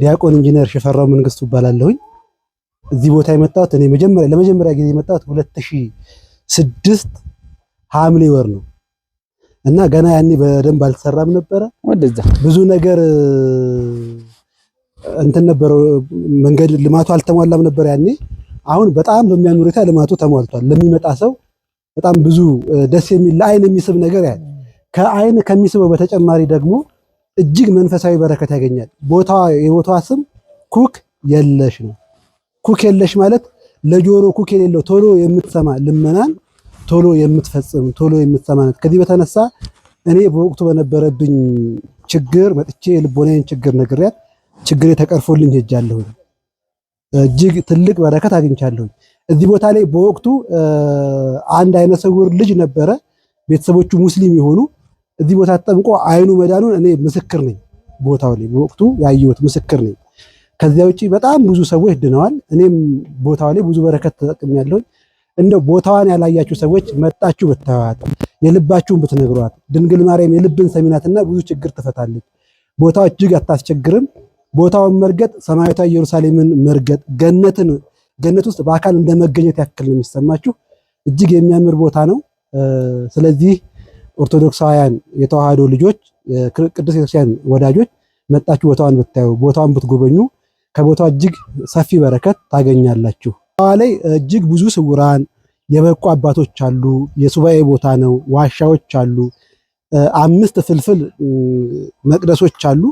ዲያቆን ኢንጂነር ሽፈራው መንግስቱ እባላለሁኝ። እዚህ ቦታ የመጣሁት እኔ መጀመሪያ ለመጀመሪያ ጊዜ የመጣሁት 2006 ሐምሌ ወር ነው እና ገና ያኔ በደንብ አልተሰራም ነበረ። ብዙ ነገር እንትን ነበረ፣ መንገድ ልማቱ አልተሟላም ነበር ያኔ። አሁን በጣም በሚያምር ሁኔታ ልማቱ ተሟልቷል። ለሚመጣ ሰው በጣም ብዙ ደስ የሚል ለአይን የሚስብ ነገር ያ ከአይን ከሚስበው በተጨማሪ ደግሞ እጅግ መንፈሳዊ በረከት ያገኛል። ቦታ የቦታ ስም ኩክ የለሽ ነው። ኩክ የለሽ ማለት ለጆሮ ኩክ የሌለው ቶሎ የምትሰማ ልመናን ቶሎ የምትፈጽም ቶሎ የምትሰማ ከዚህ በተነሳ እኔ በወቅቱ በነበረብኝ ችግር መጥቼ ልቦናዬን ችግር ነግሬያት ችግሬ ተቀርፎልኝ ሄጃለሁኝ። እጅግ ትልቅ በረከት አግኝቻለሁኝ። እዚህ ቦታ ላይ በወቅቱ አንድ አይነ ስውር ልጅ ነበረ ቤተሰቦቹ ሙስሊም የሆኑ እዚህ ቦታ ተጠምቆ አይኑ መዳኑን እኔ ምስክር ነኝ። ቦታው ላይ በወቅቱ ያየሁት ምስክር ነኝ። ከዚያ ውጭ በጣም ብዙ ሰዎች ድነዋል። እኔም ቦታው ላይ ብዙ በረከት ተጠቅሜያለሁ። እንደው ቦታዋን ያላያችሁ ሰዎች መጣችሁ ብታዩት፣ የልባችሁን ብትነግሯት፣ ድንግል ማርያም የልብን ሰሚናትና ብዙ ችግር ትፈታለች። ቦታው እጅግ አታስቸግርም። ቦታውን መርገጥ ሰማያዊቷ ኢየሩሳሌምን መርገጥ ገነትን ገነት ውስጥ በአካል እንደመገኘት ያክል ነው የሚሰማችሁ። እጅግ የሚያምር ቦታ ነው። ስለዚህ ኦርቶዶክሳውያን የተዋህዶ ልጆች ቅዱስ ቤተክርስቲያን ወዳጆች መጣችሁ ቦታዋን ብታዩ ቦታዋን ብትጎበኙ ከቦታዋ እጅግ ሰፊ በረከት ታገኛላችሁ። ላይ እጅግ ብዙ ስውራን የበቁ አባቶች አሉ። የሱባኤ ቦታ ነው። ዋሻዎች አሉ። አምስት ፍልፍል መቅደሶች አሉ።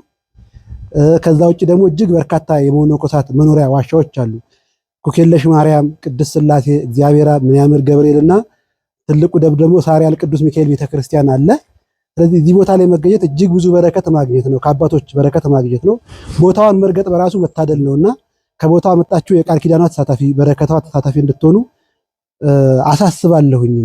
ከዛ ውጭ ደግሞ እጅግ በርካታ የመነኮሳት መኖሪያ ዋሻዎች አሉ። ኩኬለሽ ማርያም፣ ቅድስት ስላሴ፣ እግዚአብሔር ምንያምር ገብርኤል እና ትልቁ ደብር ደግሞ ሳሪያል ቅዱስ ሚካኤል ቤተክርስቲያን አለ። ስለዚህ እዚህ ቦታ ላይ መገኘት እጅግ ብዙ በረከት ማግኘት ነው፣ ከአባቶች በረከት ማግኘት ነው። ቦታዋን መርገጥ በራሱ መታደል እና ከቦታዋ መጣችሁ የቃል ኪዳኗ ተሳታፊ በረከቷ ተሳታፊ እንድትሆኑ አሳስባለሁኝ።